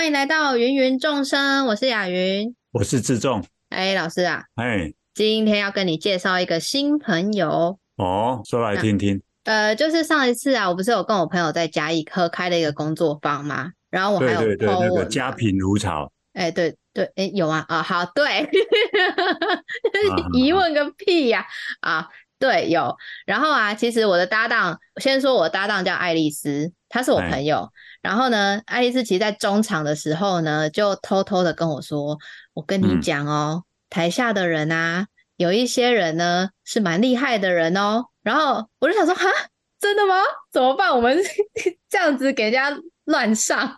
歡迎來到芸芸仲聲，我是雅芸，我是志仲。哎，老師啊，哎，今天要跟你介紹一個新朋友哦。說來聽聽、啊。呃，就是上一次啊，我不是有跟我朋友在嘉義合開了一個工作坊嗎？然後我還有對對對那個家品如潮。哎，對對，哎，有啊啊、哦，好，對，疑 問個屁呀啊！對，有。然後啊，其實我的搭檔，我先說我的搭檔叫愛麗絲，她是我朋友，欸。然後呢，愛麗絲其實在中場的時候呢，就偷偷的跟我說：“我跟你講哦，嗯、台下的人啊，有一些人呢是蠻厲害的人哦。”然後我就想說：“啊，真的嗎？怎麼辦？我們 這樣子給人家亂上，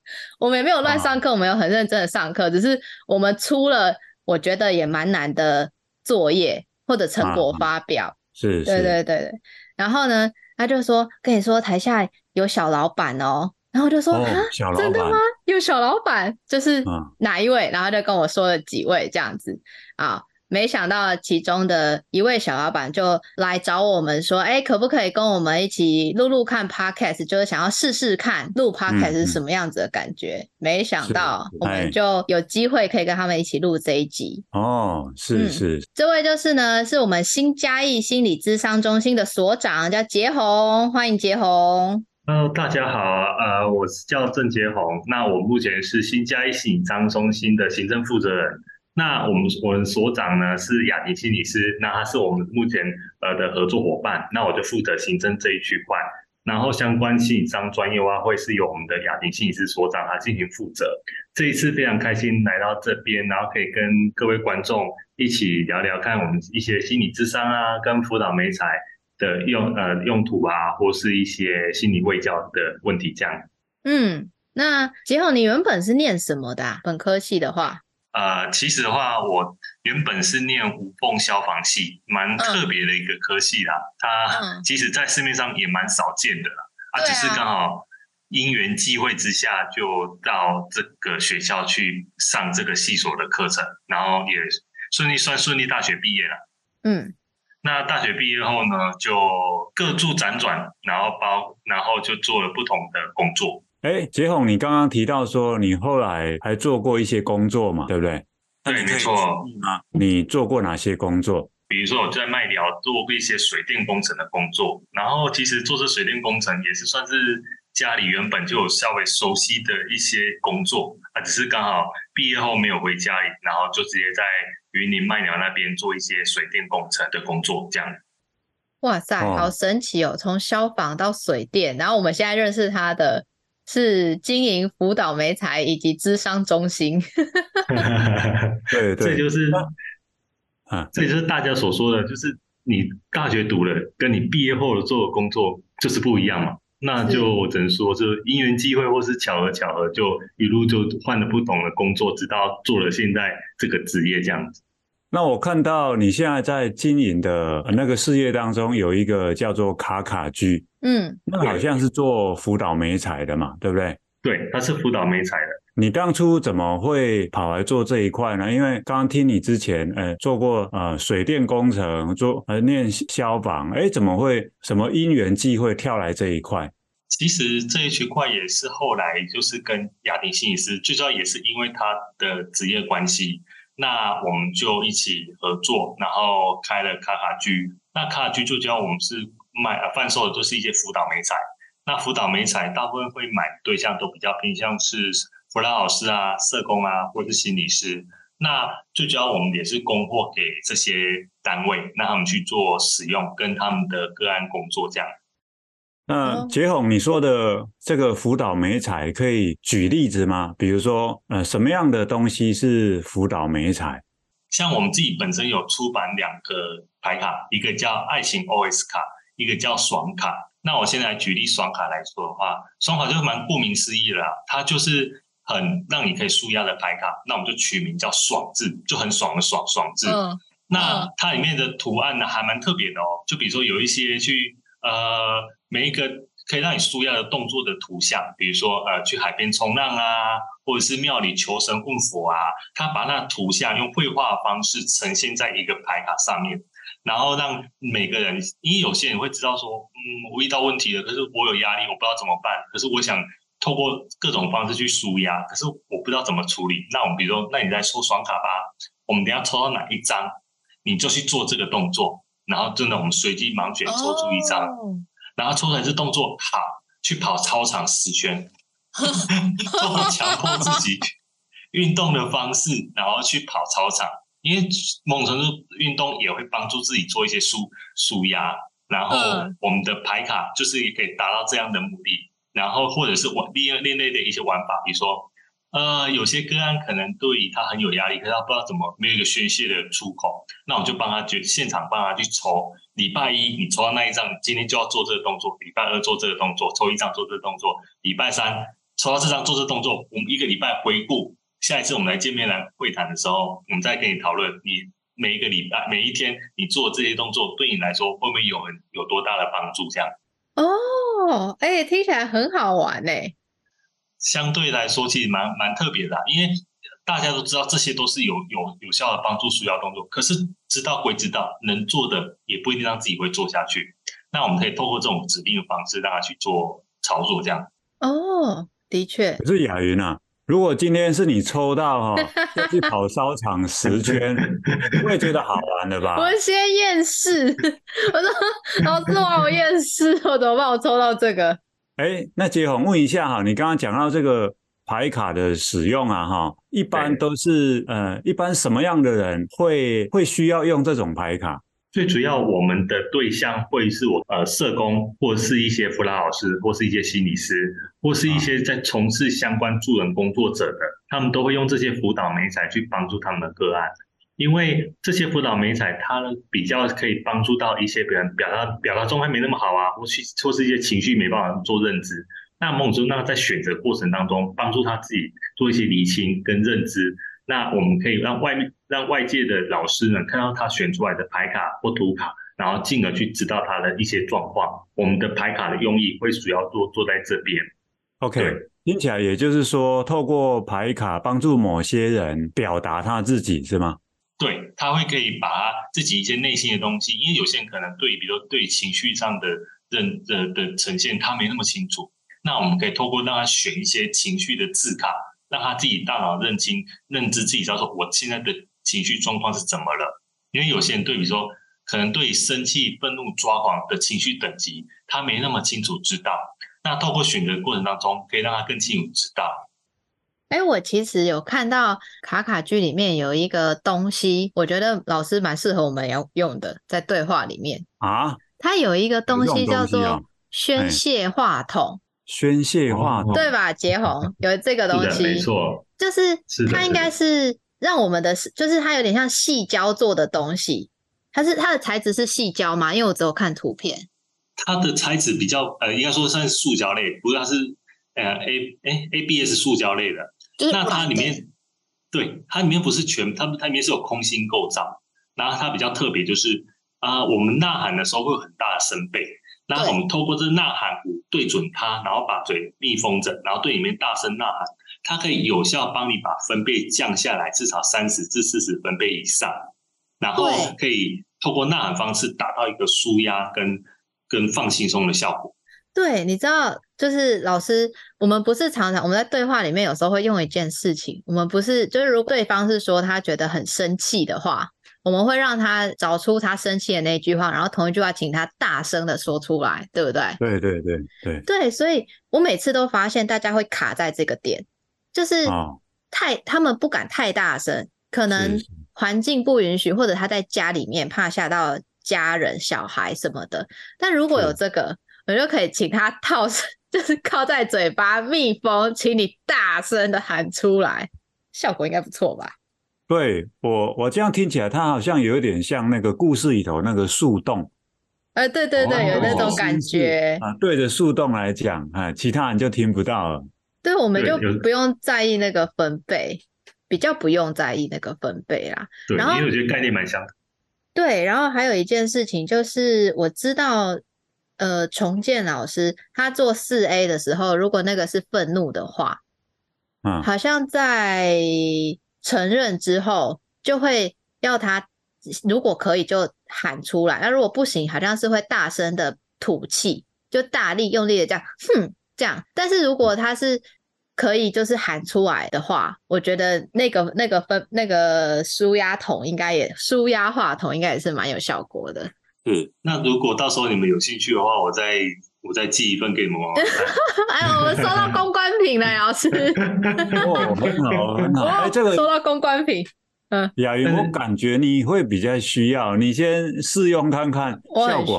我們也沒有亂上課，好好，我們有很認真的上課，只是我們出了我覺得也蠻難的作業。”或者成果發表，是、啊，對對對對是是。然後呢，他就說跟你說台下有小老闆哦、喔，然後就說啊、哦，真的嗎？有小老闆，就是哪一位、啊？然後就跟我說了幾位這樣子啊。沒想到其中的一位小老闆就來找我們說：“哎，可不可以跟我們一起錄錄看 Podcast？就是想要試試看錄 Podcast 是什麼樣子的感覺。嗯”沒想到我們就有機會可以跟他們一起錄這一集，哎嗯，哦。是是，這位就是呢，是我們心家藝心理諮商中心的所長，叫傑鴻。歡迎傑鴻。Hello，大家好，啊，呃，我是叫鄭傑鴻。那我目前是心家藝心理諮商中心的行政負責人。那我們我們所長呢是雅婷心理師，那他是我們目前呃的合作夥伴，那我就負責行政這一區塊，然後相關心理商專業的話會是由我們的雅婷心理師所長他進行負責。這一次非常開心來到這邊，然後可以跟各位觀眾一起聊一聊看我們一些心理諮商啊，跟輔導媒材的用呃用途啊，或是一些心理衛教的問題這樣。嗯，那傑鴻你原本是念什麼的？啊？本科系的話？呃，其實的話，我原本是念吳鳳消防系，蠻特別的一個科系啦。嗯、它其實，在市面上也蠻少見的啦、嗯，啊，只是剛好因緣際會之下，就到這個學校去上這個系所的課程，然後也順利算順利大學畢業了。嗯，那大學畢業後呢，就各處輾轉，然後包，然後就做了不同的工作。哎、欸，傑鴻，你剛剛提到說你後來還做過一些工作嘛，對不對？對，沒錯。你做過哪些工作？比如說我在麥寮做過一些水電工程的工作，然後其實做這水電工程也是算是家裡原本就有稍微熟悉的一些工作啊，只是剛好畢業後沒有回家裡，然後就直接在雲林麥寮那邊做一些水電工程的工作這樣。哇塞，好神奇哦，哦！從消防到水電，然後我們現在認識他的是經營輔導媒材以及諮商中心 對，對，這就是啊，這就是大家所說的，就是你大學讀了，跟你畢業後的做的工作就是不一樣嘛。那就我只能說，就是因緣機會或是巧合巧合，就一路就換了不同的工作，直到做了現在這個職業這樣子。那我看到你現在在經營的那個事業當中，有一個叫做卡卡居，嗯，那好像是做輔導媒材的嘛，對不對？對，它是輔導媒材的。你當初怎麼會跑來做這一塊呢？因為剛剛聽你之前，呃，做過呃水電工程，做呃念消防，誒，怎麼會什麼因緣際會跳來這一塊？其實這一區塊也是後來就是跟亞丁心理師，最主要也是因為他的職業關係。那我們就一起合作，然後開了卡卡居。那卡卡居最主要我們是賣啊販售的都是一些輔導媒材。那輔導媒材大部分會買對象都比較偏向是輔導老師啊、社工啊，或是心理師。那最主要我們也是供貨給這些單位，讓他們去做使用跟他們的個案工作這樣。那、呃嗯、傑鴻，你說的這個輔導媒材可以舉例子嗎？比如說，呃，什麼樣的東西是輔導媒材？像我們自己本身有出版兩個牌卡，一個叫愛情 OS 卡，一個叫爽卡。那我現在舉例爽卡來說的話，爽卡就蠻顧名思義了，它就是很讓你可以紓壓的牌卡。那我們就取名叫爽字，就很爽的爽爽字、嗯嗯。那它裡面的圖案呢，還蠻特別的哦。就比如說有一些去。呃，每一個可以讓你舒壓的動作的圖像，比如說呃，去海邊衝浪啊，或者是廟裡求神問佛啊，他把那圖像用繪畫方式呈現在一個牌卡上面，然後讓每個人，因為有些人會知道說，嗯，我遇到問題了，可是我有壓力，我不知道怎麼辦，可是我想透過各種方式去舒壓，可是我不知道怎麼處理。那我們比如說，那你在抽雙卡吧，我們等下抽到哪一張，你就去做這個動作。然後真的，我們隨機盲選抽出一張，oh. 然後抽出來是動作卡，去跑操場十圈， 做好強迫自己運動的方式，然後去跑操場，因為某程度運動也會幫助自己做一些舒舒壓，然後我們的牌卡就是也可以達到這樣的目的，然後或者是玩另一另類的一些玩法，比如說。呃，有些個案可能對他很有壓力，可是他不知道怎麼沒有一個宣洩的出口，那我們就幫他去現場幫他去抽。禮拜一你抽到那一張，今天就要做這個動作；禮拜二做這個動作，抽一張做這個動作；禮拜三抽到這張做這個動作。我們一個禮拜回顧，下一次我們來見面來會談的時候，我們再跟你討論你每一個禮拜每一天你做這些動作對你來說會不會有很有多大的幫助，這樣。哦，哎、欸，聽起來很好玩呢、欸。相對來說，其實蠻蠻特別的啊，因為大家都知道這些都是有有有效的幫助舒壓動作，可是知道歸知道，能做的也不一定讓自己會做下去。那我們可以透過這種指令的方式，讓他去做操作，這樣。哦，的確。可是雅雲啊，如果今天是你抽到哈、哦，去跑操場十圈，不 會覺得好玩的吧？我先厭世，我說老師，我厭世，我怎麼辦？我抽到這個。哎，那傑鴻，問一下哈，你剛剛講到這個牌卡的使用啊，哈，一般都是呃，一般什麼樣的人會會需要用這種牌卡最主要我們的對象會是我呃社工，或是一些輔導老師，或是一些心理師，或是一些在從事相關助人工作者的啊、他們都會用這些輔導媒材去幫助他們的個案。因為這些輔導媒材，它呢比較可以幫助到一些別人表達表達，表達狀態沒那麼好啊，或或是一些情緒沒辦法做認知。那某種說，那在選擇過程當中，幫助他自己做一些釐清跟認知。那我們可以讓外面讓外界的老師呢看到他選出來的牌卡或圖卡，然後進而去知道他的一些狀況。我們的牌卡的用意會主要做做在這邊。OK，聽起來也就是說，透過牌卡幫助某些人表達他自己是嗎？對他會可以把他自己一些內心的東西，因為有些人可能對，比如說對情緒上的認的的、的呈現，他沒那麼清楚。那我們可以透過讓他選一些情緒的字卡，讓他自己大腦認清、認知自己，知道說我現在的情緒狀況是怎麼了。因為有些人對，比如說可能對生氣、憤怒、抓狂的情緒等級，他沒那麼清楚知道。那透過選擇的過程當中，可以讓他更清楚知道。哎、欸，我其實有看到卡卡居裡面有一個東西，我覺得老師蠻適合我們要用的，在對話裡面啊，它有一個東西、東西叫做宣泄話筒，欸、宣泄話筒對吧？傑鴻、啊、有這個東西，沒錯，就是它應該是讓我們的，就是它有點像矽膠做的東西，它是它的材質是矽膠嘛，因為我只有看圖片，它的材質比較呃，應該說算是塑膠類，不是，它是呃 A a A B S 塑膠類的。就是、對那它裡面，對它裡面不是全，它它裡面是有空心構造，然後它比較特別就是，啊、呃，我們吶喊的時候會有很大的聲貝，那我們透過這吶喊鼓對準它，然後把嘴密封着，然後對裡面大聲吶喊，它可以有效幫你把分貝降下來至少三十至四十分貝以上，然後可以透過吶喊方式達到一個紓壓跟跟放輕鬆的效果。對，你知道，就是老師，我們不是常常我們在對話裡面有時候會用一件事情，我們不是就是如果對方是說他覺得很生氣的話，我們會讓他找出他生氣的那一句話，然後同一句話請他大聲的說出來，對不對？對對對對對，所以，我每次都發現大家會卡在這個點，就是太、哦、他們不敢太大聲，可能環境不允許是是，或者他在家裡面怕嚇到家人、小孩什麼的，但如果有這個。我就可以請他套，就是靠在嘴巴密封，請你大聲的喊出來，效果應該不錯吧？對我，我這樣聽起來，它好像有一點像那個故事裡頭那個樹洞。呃，對對對，有那種感覺。哦啊、對着樹洞來講，哎，其他人就聽不到了。對，我們就不用在意那個分貝，比較不用在意那個分貝啦，然後，對，因為我覺得概念蠻像的。對，然後還有一件事情就是我知道。呃，重建老師他做四 A 的時候，如果那個是憤怒的話，啊、好像在承認之後就會要他，如果可以就喊出來，那如果不行，好像是會大聲的吐氣，就大力用力的這樣哼、嗯、這樣。但是如果他是可以就是喊出來的話，我覺得那個那個分那個舒壓筒應該也舒壓話筒應該也是蠻有效果的。是，那如果到時候你們有興趣的話，我再我再寄一份給你們。 哎，我們收到公關品了， 老師、 哦。很好，很好。欸、這個收到公關品，嗯，亞云、嗯，我感覺你會比較需要，你先試用看看效果我。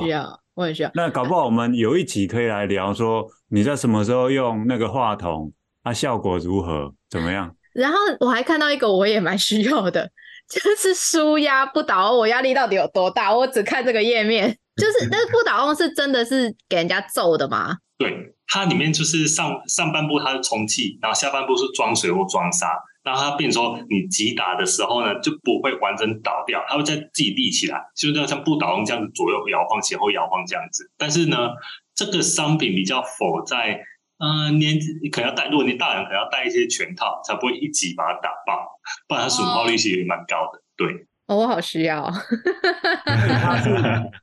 我很需要，那搞不好我們有一集可以來聊，說你在什麼時候用那個話筒，它、啊啊、效果如何，怎麼樣？然後我還看到一個，我也蠻需要的。就是舒壓不倒翁，我壓力到底有多大？我只看這個頁面。就是那不倒翁是真的是給人家揍的嗎？對，它裡面就是上上半部它是充氣，然後下半部是裝水或裝沙，然後它變成說你擊打的時候呢，就不會完整倒掉，它會再自己立起來，就是像像不倒翁這樣子左右搖晃、前後搖晃這樣子。但是呢，這個商品比較否在。嗯、呃，年紀你可能要帶，如果你大人可能要帶一些拳套，才不會一擊把它打爆，不然它損耗率其實也蠻高的。Oh. 對，哦、oh，我好需要。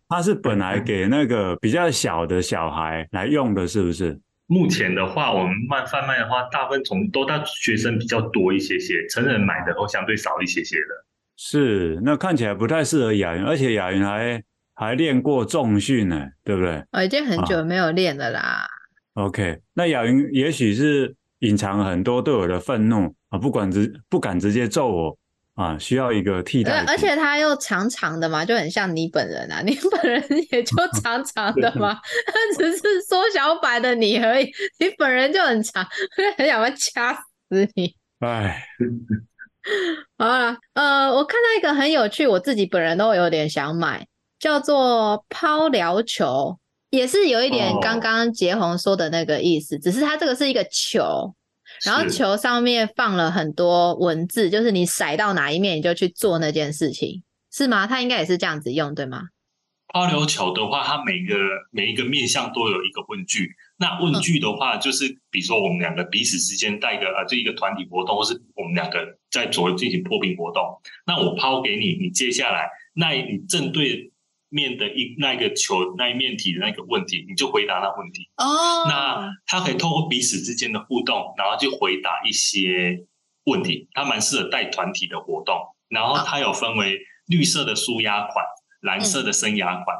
它 是本來給那個比較小的小孩來用的，是不是？目前的話，我們賣販賣的話，大部分從多大學生比較多一些些，成人買的會相對少一些些的。是，那看起來不太適合亞云，而且亞云還還練過重訓呢，對不對？哦、oh，已經很久沒有練了啦。Oh. OK，那亞芸也許是隱藏很多對我的憤怒啊，不管直不敢直接揍我啊，需要一個替代。對，而且他又長長的嘛，就很像你本人啊，你本人也就長長的嘛，他 只是縮小版的你而已。 你本人就很長，很想要掐死你。哎，好了，呃，我看到一個很有趣，我自己本人都有點想買，叫做拋療球。也是有一點剛剛傑鴻說的那個意思、哦，只是它這個是一個球，然後球上面放了很多文字，是就是你甩到哪一面你就去做那件事情，是嗎？他應該也是這樣子用，對嗎？拋流球的話，它每個每一個面向都有一個問句。那問句的話，就是比如說我們兩個彼此之間帶一個、嗯、呃，就一個團體活動，或是我們兩個在做進行破冰活動。嗯、那我拋給你，你接下來，那你正對。面的一那個球那一面體的那個問題，你就回答那問題。哦、oh.，那他可以透過彼此之間的互動，然後去回答一些問題。他蠻適合帶團體的活動。然後它有分為綠色的舒壓款、嗯、藍色的生涯款、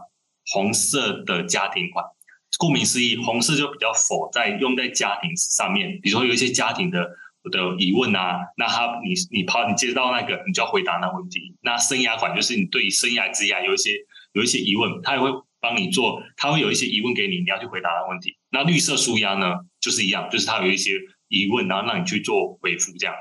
紅色的家庭款。顧名思義，紅色就比較佛在用在家庭上面。比如說有一些家庭的我的疑問啊，那他你你拋，你接到那個，你就要回答那問題。那生涯款就是你對於生涯之涯有一些。有一些疑問，他也會幫你做。他會有一些疑問給你，你要去回答的問題。那綠色舒壓呢，就是一樣，就是他有一些疑問，然後讓你去做回復這樣。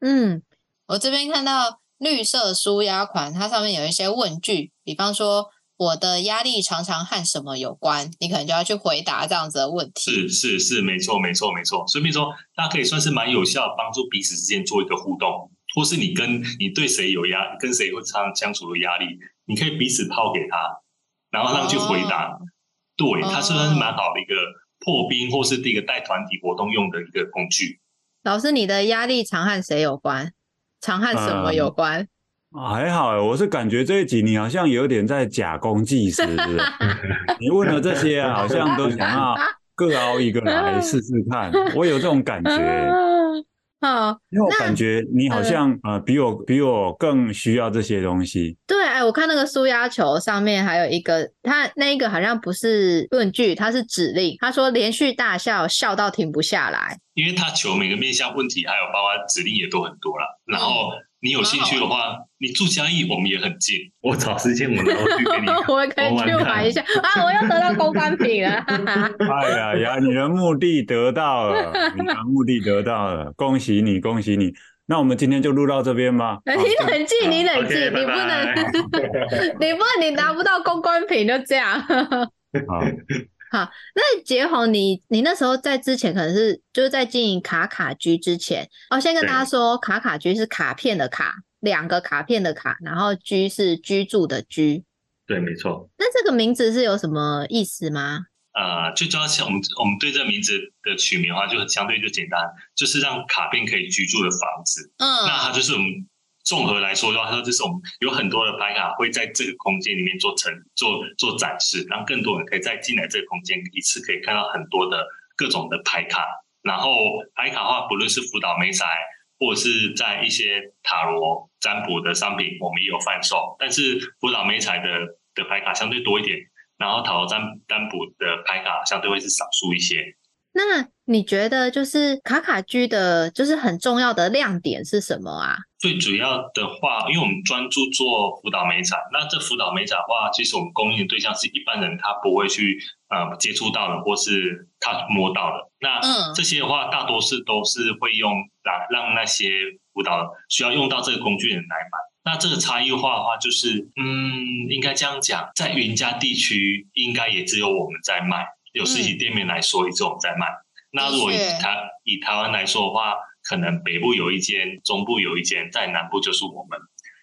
嗯，我這邊看到綠色舒壓款，它上面有一些問句，比方說我的壓力常常和什麼有關，你可能就要去回答這樣子的問題。是是是，沒錯沒錯沒錯。所以說它可以算是蠻有效，幫助彼此之間做一個互動，或是你跟你對誰有壓，跟誰會常相處的壓力。你可以彼此拋給他，然後讓他去回答。Oh, 對他，算是蠻好的一個破冰，oh. 或是第一個帶團體活動用的一個工具。老師，你的壓力常和誰有關？常和什麼有關？嗯、還好，我是感覺這一集你好像有點在假公濟私，是不是？ 你問了這些、啊，好像都想要各凹一個來試試看。 我有這種感覺。 哦，那因為我感覺你好像呃，呃，比我比我更需要這些東西。對，哎、欸，我看那個舒壓球上面還有一個，他那一個好像不是問句，他是指令。他說連續大笑，笑到停不下來。因為他球每個面向問題，還有包括指令也都很多了，然後。嗯你有興趣的話，啊，你住嘉義，我們也很近。我找時間我都去給你 我可以去玩一下。 啊，我又得到公關品了！ 哎呀，呀，你的目的得到了，你的目的得到了，恭喜你，恭喜你。那我們今天就錄到這邊吧。你冷靜，你冷靜，你不能，啊 okay，你不能， 你不，你拿不到公關品就這樣。 好好，那傑鴻你，你你那時候在之前可能是就是在經營卡卡居之前哦。先跟大家說，卡卡居是卡片的卡，兩個卡片的卡，然後居是居住的居。對，沒錯。那這個名字是有什麼意思嗎？呃，就叫我們我們對這名字的取名的話，就相對就簡單，就是讓卡片可以居住的房子。嗯，那它就是我們。綜合來說的話，他說這是我們有很多的牌卡會在這個空間裡面做成，做做展示，讓更多人可以再進來這個空間一次可以看到很多的各種的牌卡。然後牌卡的話，不論是輔導媒材或者是在一些塔羅占卜的商品，我們也有販售。但是輔導媒材的的牌卡相對多一點，然後塔羅占占卜的牌卡相對會是少數一些。那你覺得就是卡卡居的就是很重要的亮點是什麼啊？最主要的話，因為我們專注做輔導美甲，那這輔導美甲的話，其實我們供應的對象是一般人，他不會去呃接觸到的，或是他摸到的。那、嗯、這些的話，大多數都是會用來讓，讓那些輔導需要用到這個工具人來買。那這個差異化的話，就是嗯，應該這樣講，在雲嘉地區，應該也只有我們在賣。有實體店面來說，一次我們在賣、嗯。那如果台以，以台灣來說的話，可能北部有一間，中部有一間，在南部就是我們。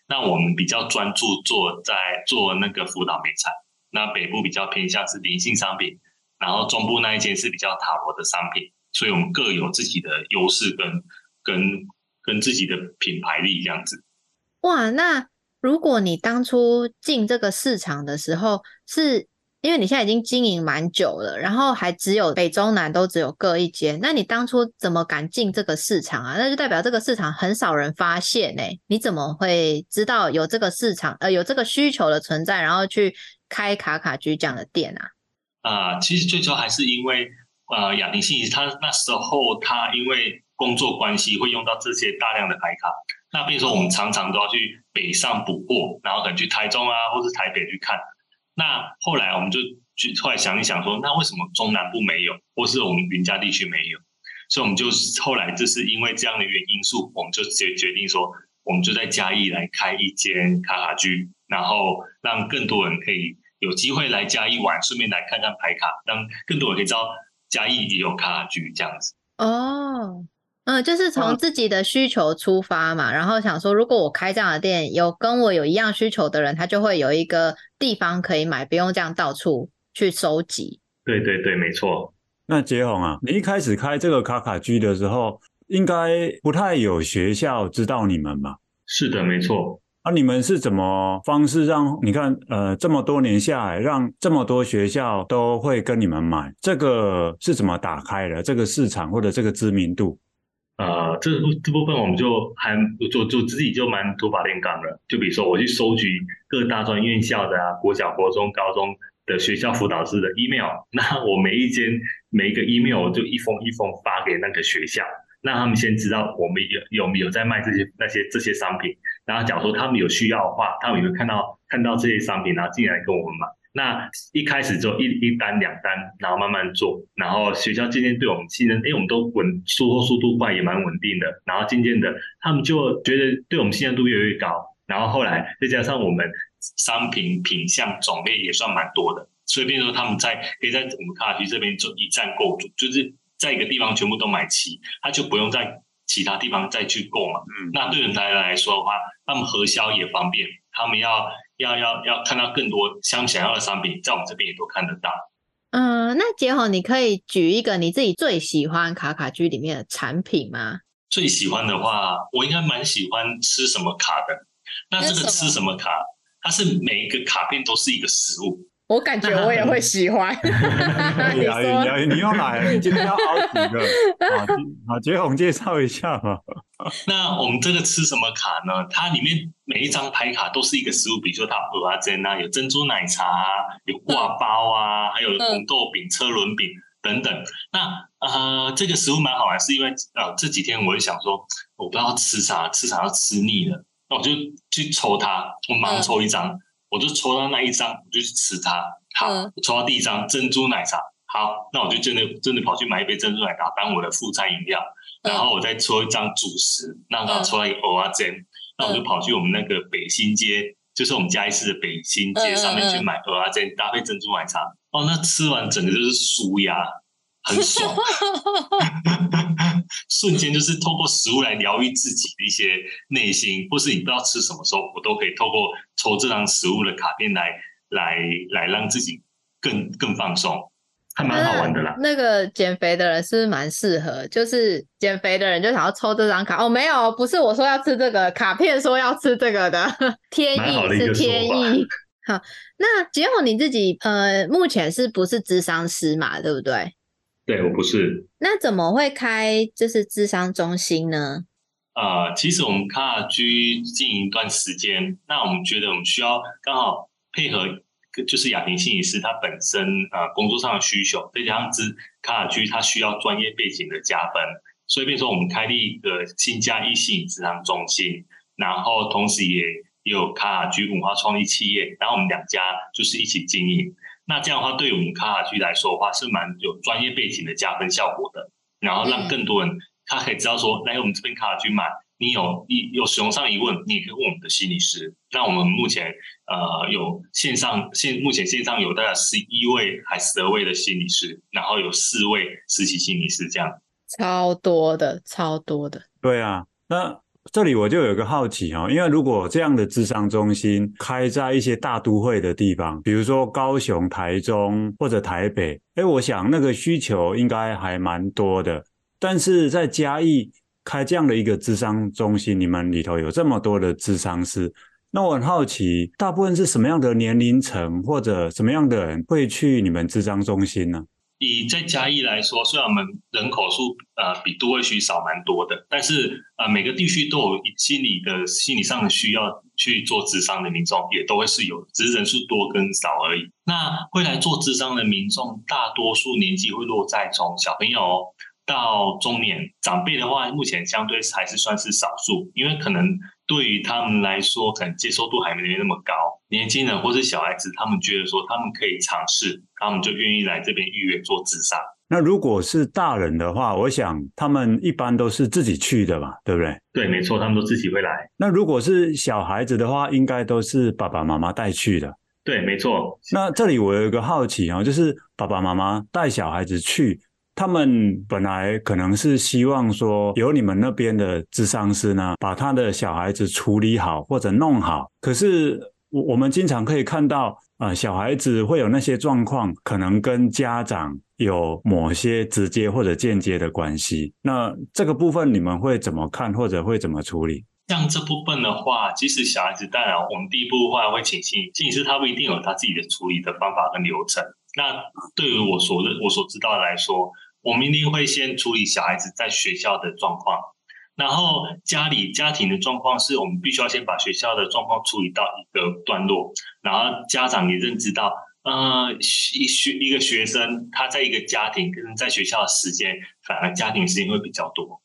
那我們比較專注做在做那個輔導美產。那北部比較偏向是靈性商品，然後中部那一間是比較塔羅的商品。所以我們各有自己的優勢跟跟跟自己的品牌力這樣子。哇，那如果你當初進這個市場的時候是？因為你現在已經經營蠻久了，然後還只有北中南都只有各一間，那你當初怎麼敢進這個市場啊？那就代表這個市場很少人發現呢？你怎麼會知道有這個市場，呃，有這個需求的存在，然後去開卡卡居這樣的店啊？啊、呃，其實最初還是因為呃，雅庭信息他，他那時候他因為工作關係會用到這些大量的台卡，那比如說我們常常都要去北上補貨，然後等去台中啊，或是台北去看。那後來我們就去後來想一想說，那為什麼中南部沒有，或是我們雲嘉地區沒有？所以我們就後來就是因為這樣的一個因素，我們就決決定說，我們就在嘉義來開一間卡卡居，然後讓更多人可以有機會來嘉義玩，順便來看看牌卡，讓更多人可以知道嘉義也有卡卡居這樣子。哦、oh.。嗯，就是從自己的需求出發嘛，啊、然後想說，如果我開這樣的店，有跟我有一樣需求的人，他就會有一個地方可以買，不用這樣到處去收集。對對對，沒錯。那傑鴻啊，你一開始開這個卡卡居的時候，應該不太有學校知道你們吧？是的，沒錯。啊，你們是怎麼方式讓你看，呃，這麼多年下來，讓這麼多學校都會跟你們買，這個是怎麼打開的這個市場或者這個知名度？呃，這這部分我們就還就就自己就蠻土法煉鋼的。就比如說我去收集各大專院校的啊，國小、國中、高中的學校輔導師的 email，那我每一間每一個 email 我就一封一封發給那個學校，讓他們先知道我們有有沒有在賣這些那些這些商品。然後假如他們有需要的話，他們也會看到看到這些商品，然後進來跟我們買。那一開始就一一單兩單，然後慢慢做，然後學校漸漸對我們信任，因、欸、為我們都穩，售後速度快，也蠻穩定的。然後漸漸的，他們就覺得對我們信任度越來越高。然後後來再加上我們商品品項種類也算蠻多的，所以變成他們在可以在我們卡卡居這邊做一站購足，就是在一個地方全部都買齊，他就不用在其他地方再去購買。嗯，那對平台來說的話，他們核銷也方便，他們要。要要要看到更多想想要的商品，在我們這邊也都看得到。嗯，那傑鴻，你可以舉一個你自己最喜歡卡卡居裡面的產品嗎？最喜歡的話，我應該蠻喜歡吃什麼卡的。那這個吃什麼卡？它是每一個卡片都是一個食物。我感覺我也會喜歡啊。 你說， 你又來，你今天要凹幾個？阿傑，阿傑，我們介紹一下嘛。那我們這個吃什麼卡呢？它裡面每一張牌卡都是一個食物比，比如說它有蚵仔煎啊，有珍珠奶茶啊，有刈包啊，嗯，還有紅豆餅、嗯，車輪餅等等。那呃，這個食物蠻好玩，是因為呃，這幾天我會想說，我不知道吃啥，吃啥要吃膩了，那我就去抽它，我盲抽一張。嗯我就抽到那一張，我就去吃它。好，嗯、我抽到第一張珍珠奶茶，好，那我就真的真的跑去買一杯珍珠奶茶當我的副餐飲料、嗯，然後我再抽一張主食，讓他抽到一個蚵仔煎，那我就跑去我們那個北新街，就是我們嘉義市的北新街上面去買蚵仔煎搭配珍珠奶茶嗯嗯嗯。哦，那吃完整個就是紓壓，很爽。 瞬間就是透過食物來療癒自己的一些內心，或是你不知道吃什麼時候，我都可以透過抽這張食物的卡片來來來讓自己更更放鬆，還蠻好玩的啦。那、那個減肥的人是不是蠻適合？就是減肥的人就想要抽這張卡哦？沒有，不是我說要吃這個卡片，說要吃這個的天意的是天意。好，那傑鴻你自己呃，目前是不是諮商師嘛？對不對？對我不是，那怎麼會開就是諮商中心呢？呃，其實我們卡卡居經營一段時間，那我們覺得我們需要剛好配合，就是亞平心理師他本身呃工作上的需求，再加上之卡卡居他需要專業背景的加分，所以變成我們開立一個心家藝心理諮商中心，然後同時也，也有卡卡居文化創意企業，然後我們兩家就是一起經營。那這樣的話，對我們卡卡居來說的話，是蠻有專業背景的加分效果的，然後讓更多人他可以知道說，來我們這邊卡卡居買，你有疑有使用上疑問，你也可以問我們的心理師。那我們目前呃有線上線目前線上有大概十一位還是十二位的心理師，然後有四位實習心理師，這樣超多的，超多的，對啊，那。這裡我就有個好奇哈、哦，因為如果這樣的諮商中心開在一些大都會的地方，比如說高雄、台中或者台北，誒，我想那個需求應該還蠻多的。但是在嘉義開這樣的一個諮商中心，你們裡頭有這麼多的諮商師，那我很好奇，大部分是什麼樣的年齡層或者什麼樣的人會去你們諮商中心呢？以在嘉義來說，雖然我們人口數呃比都會區少蠻多的，但是呃每個地區都有心理的心理上的需要去做諮商的民眾也都會是有，只是人數多跟少而已。那未來做諮商的民眾，大多數年紀會落在從小朋友到中年，長輩的話目前相對還是算是少數，因為可能。對於他們來說，可能接受度還沒那麼高。年輕人或是小孩子，他們覺得說他們可以嘗試，他們就願意來這邊預約做諮商。那如果是大人的話，我想他們一般都是自己去的嘛，對不對？對，沒錯，他們都自己會來。那如果是小孩子的話，應該都是爸爸媽媽帶去的。對，沒錯。那這裡我有一個好奇啊、哦，就是爸爸媽媽帶小孩子去。他們本來可能是希望說，由你們那邊的諮商師，呢，把他的小孩子處理好或者弄好。可是我我們經常可以看到，呃，小孩子會有那些狀況，可能跟家長有某些直接或者間接的關係。那這個部分你們會怎麼看或者會怎麼處理？像這部分的話，即使小孩子帶來，當然我們第一步的話會請心理心理師，他不一定有他自己的處理的方法跟流程。那對於我所認我所知道的來說，我們一定會先處理小孩子在學校的狀況，然後家裡家庭的狀況，是我們必須要先把學校的狀況處理到一個段落，然後家長也認知到，呃，學學一個學生他在一個家庭跟在學校的時間，反而家庭的時間會比較多，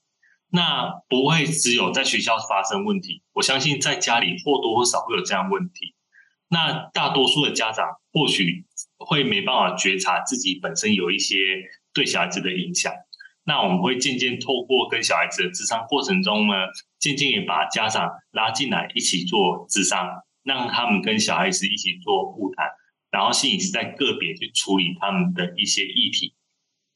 那不會只有在學校發生問題，我相信在家裡或多或少會有這樣的問題，那大多數的家長或許會沒辦法覺察自己本身有一些。對小孩子的影響，那我們會漸漸透過跟小孩子的諮商過程中呢，漸漸也把家長拉進來一起做諮商，讓他們跟小孩子一起做會談，然後心理師在個別去處理他們的一些議題。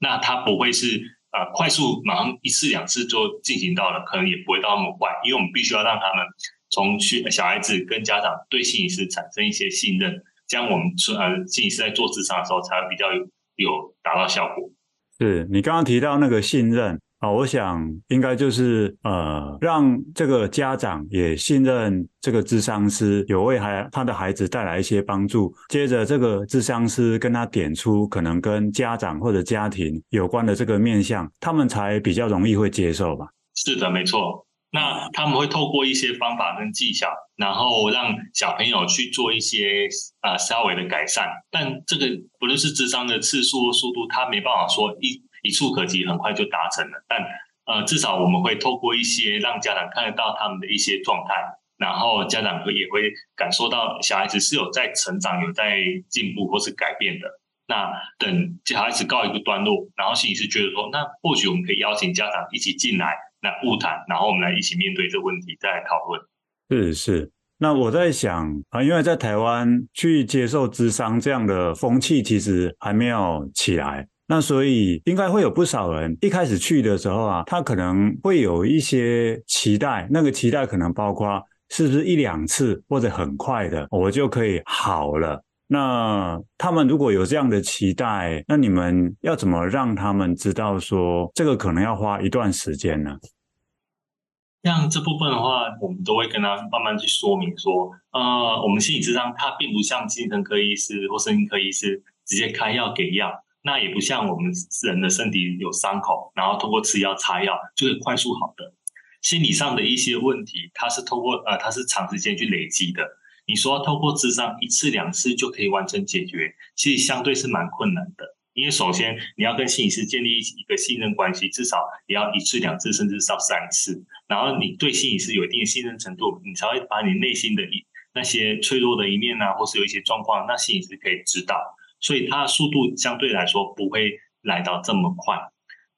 那他不會是呃快速馬上一次兩次就進行到了，可能也不會到那麼快，因為我們必須要讓他們從去小孩子跟家長對心理師產生一些信任，這樣我們說呃心理師在做諮商的時候才會比較有，有達到效果。是你剛剛提到那個信任啊、哦，我想應該就是呃，讓這個家長也信任這個諮商師，有為孩他的孩子帶來一些幫助。接着，這個諮商師跟他點出可能跟家長或者家庭有關的這個面向，他們才比較容易會接受吧？是的，沒錯。那他們會透過一些方法跟技巧，然後讓小朋友去做一些啊、呃、稍微的改善。但這個不論是諮商的次數或速度，他沒辦法說一，一蹴可幾，很快就達成了。但呃，至少我們會透過一些讓家長看得到他們的一些狀態，然後家長會也會感受到小孩子是有在成長、有在進步或是改變的。那等小孩子告一個段落，然後心理師覺得說，那或許我們可以邀請家長一起進來。來晤談，然後我們來一起面對這個問題，再來討論。是是，那我在想啊，因為在台灣去接受諮商這樣的風氣，其實還沒有起來，那所以應該會有不少人一開始去的時候啊，他可能會有一些期待，那個期待可能包括是不是一兩次，或者很快的，我就可以好了。那他們如果有這樣的期待，那你們要怎麼讓他們知道說這個可能要花一段時間呢？像這，這部分的話，我們都會跟他慢慢去說明說，呃，我們心理諮商它並不像精神科醫師或神經科醫師直接開藥給藥，那也不像我們人的身體有傷口，然後通過吃藥擦藥就會快速好的。心理上的一些問題，它是通過呃，它是長時間去累積的。你說透過諮商，一次兩次就可以完成解決，其實相對是蠻困難的。因為首先你要跟心理師建立一個信任關係，至少也要一次兩次，甚至至少三次。然後你對心理師有一定的信任程度，你才會把你內心的一那些脆弱的一面啊，或是有一些狀況，那心理師可以知道。所以他的速度相對來說不會來到這麼快。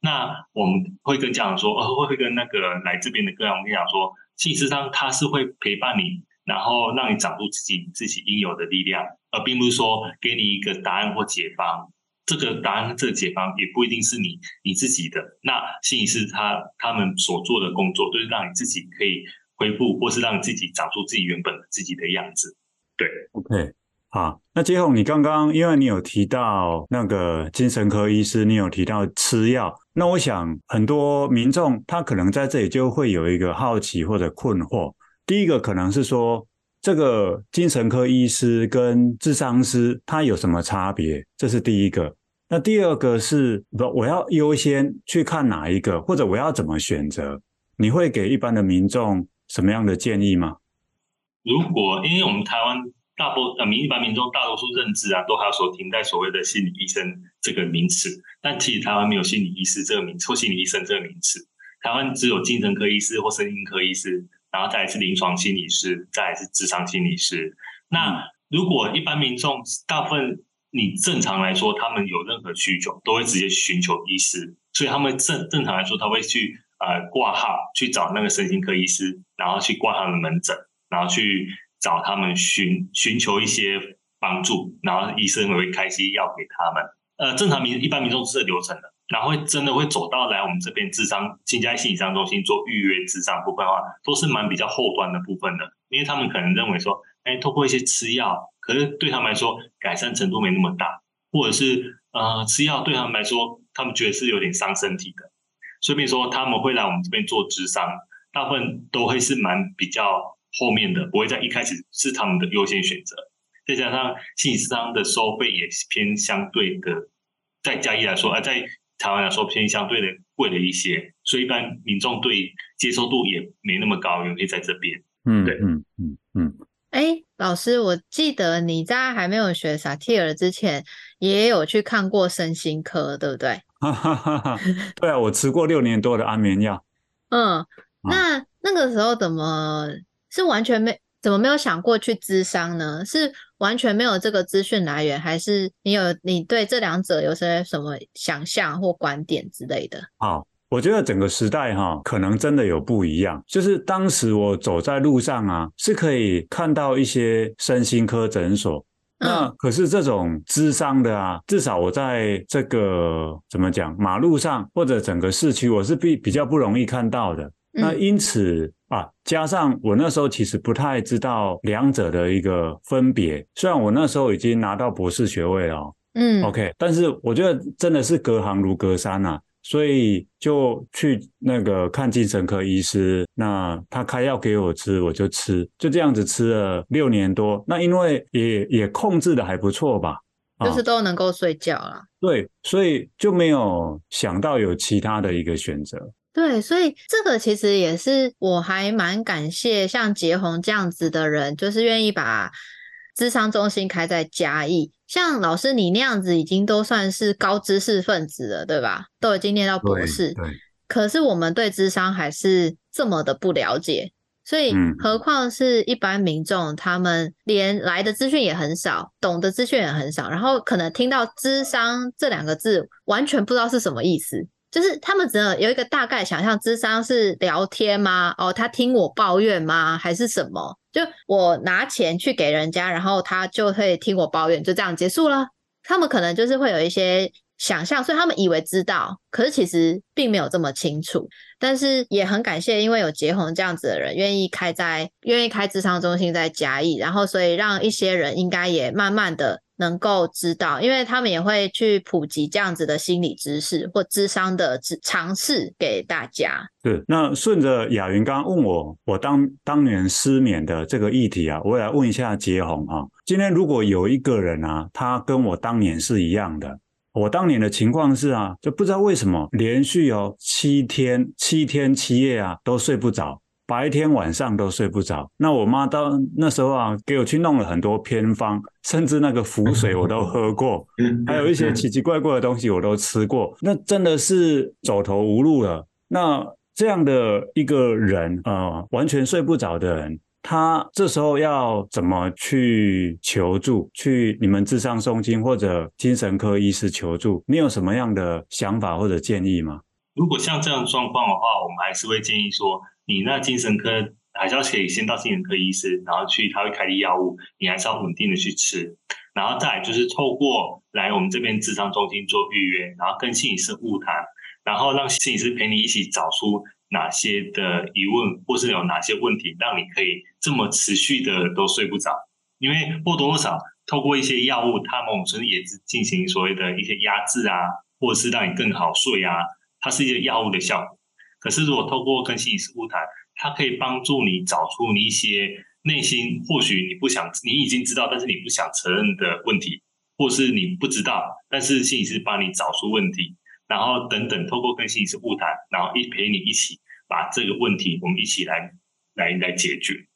那我們會跟家長說，哦，我會跟那個來這邊的個案，我們講說，心理師他是會陪伴你，然後讓你長出自己自己應有的力量，而並不是說給你一個答案或解方。這個答案，這個解方也不一定是你你自己的。那心理師他他們所做的工作，都、就是讓你自己可以恢復，或是讓你自己長出自己原本的自己的樣子。對，OK，好。那傑鴻你剛剛因為你有提到那個精神科醫師，你有提到吃藥，那我想很多民眾他可能在這裡就會有一個好奇或者困惑。第一個可能是說，這個精神科醫師跟諮商師，他有什麼差別？這是第一個。那第二個是我要優先去看哪一個，或者我要怎麼選擇？你會給一般的民眾什麼樣的建議嗎？如果因為我們台灣大部呃，民一般民眾大多數認知啊，都還說停在所謂的心理醫生這個名詞，但其實台灣沒有心理醫師這個名，錯，心理醫生這個名詞，台灣只有精神科醫師或身心科醫師。然後再來是臨床心理師，再來是諮商心理師。那如果一般民眾大部分，你正常來說，他們有任何需求，都會直接尋求醫師。所以他們正正常來說，他會去呃掛號去找那個身心科醫師，然後去掛他的門診，然後去找他們尋尋求一些幫助，然後醫生會開些藥給他們。呃，正常民一般民眾是這流程的。然後真的會走到來我們這邊諮商心家藝諮商中心做預約諮商部分的話，都是蠻比較後端的部分的，因為他們可能認為說，哎，通過一些吃藥，可是對他們來說改善程度沒那麼大，或者是呃吃藥對他們來說，他們覺得是有點傷身體的，所以說他們會來我們這邊做諮商，大部分都會是蠻比較後面的，不會在一開始是他們的優先選擇。再加上心理諮商的收費也偏相對的，在嘉義來說，啊、呃，在台灣來說偏相對的貴了一些，所以一般民眾對接受度也沒那麼高，因為在這邊。嗯，對，嗯，嗯，嗯。哎、欸，老師，我記得你在還沒有學薩提爾之前，也有去看過身心科，對不對？ 對啊，我吃過六年多的安眠藥。 嗯，那那個時候怎麼是完全沒怎麼沒有想過去諮商呢？是？完全沒有這個資訊來源，還是你有你對這兩者有些什麼想象或觀點之類的？啊、哦，我覺得整個時代哈、哦，可能真的有不一樣。就是當時我走在路上啊，是可以看到一些身心科診所，嗯、那可是這種諮商的，啊，至少我在這個怎麼講，馬路上或者整個市區，我是比比較不容易看到的。那因此啊，加上我那時候其實不太知道兩者的一個分別，雖然我那時候已經拿到博士學位了，嗯，OK，但是我覺得真的是隔行如隔山吶啊，所以就去那個看精神科醫師，那他開藥給我吃，我就吃，就這樣子吃了六年多。那因為也也控制的還不錯吧，就是都能夠睡覺了。啊，對，所以就沒有想到有其他的一個選擇。對，所以這個其實也是，我還蠻感謝像傑鴻這樣子的人，就是願意把諮商中心開在嘉義。像老師你那樣子，已經都算是高知識分子了，對吧？都已經念到博士，可是我們對諮商還是這麼的不了解，所以何況是一般民眾，嗯，他們連來的資訊也很少，懂的資訊也很少，然後可能聽到諮商這兩個字，完全不知道是什麼意思。就是他們只能有一個大概想象諮商是聊天嗎？哦，他聽我抱怨嗎？還是什麼？就我拿錢去給人家，然後他就會聽我抱怨，就這樣結束了。他們可能就是會有一些想象，所以他們以為知道，可是其實並沒有這麼清楚。但是也很感謝，因為有傑鴻這樣子的人願意開在願意開諮商中心在嘉義，然後所以讓一些人應該也慢慢的。能夠知道，因為他們也會去普及這樣子的心理知識或諮商的嘗試給大家。對，那順着亞云剛剛問我，我當當年失眠的這個議題啊，我也來問一下傑鴻啊。今天如果有一個人啊，他跟我當年是一樣的，我當年的情況是啊，就不知道為什麼連續有、哦、七天七天七夜啊都睡不着。白天晚上都睡不着，那我媽到那時候啊，給我去弄了很多偏方，甚至那個符水我都喝過，還有一些奇奇怪怪的東西我都吃過。那真的是走投無路了。那這樣的一個人啊、呃，完全睡不着的人，他這時候要怎麼去求助？去你們諮商中心或者精神科醫師求助？你有什麼樣的想法或者建議嗎？如果像這樣的狀況的話，我們還是會建議說。你那精神科還是要可以先到精神科醫師，然後去他會開的藥物，你還是要穩定的去吃，然後再來就是透過來我們這邊諮商中心做預約，然後跟心理師晤談，然後讓心理師陪你一起找出哪些的疑問或是有哪些問題，讓你可以這麼持續的都睡不着，因為或多或少透過一些藥物，它某種程度也是進行所謂的一些壓制啊，或是讓你更好睡啊，它是一個藥物的效果。可是，如果透過跟心理師晤談，他可以幫助你找出你一些內心，或許你不想，你已經知道，但是你不想承認的問題，或是你不知道，但是心理師幫你找出問題，然後等等，透過跟心理師晤談，然後一陪你一起把這個問題，我們一起來，來來解決。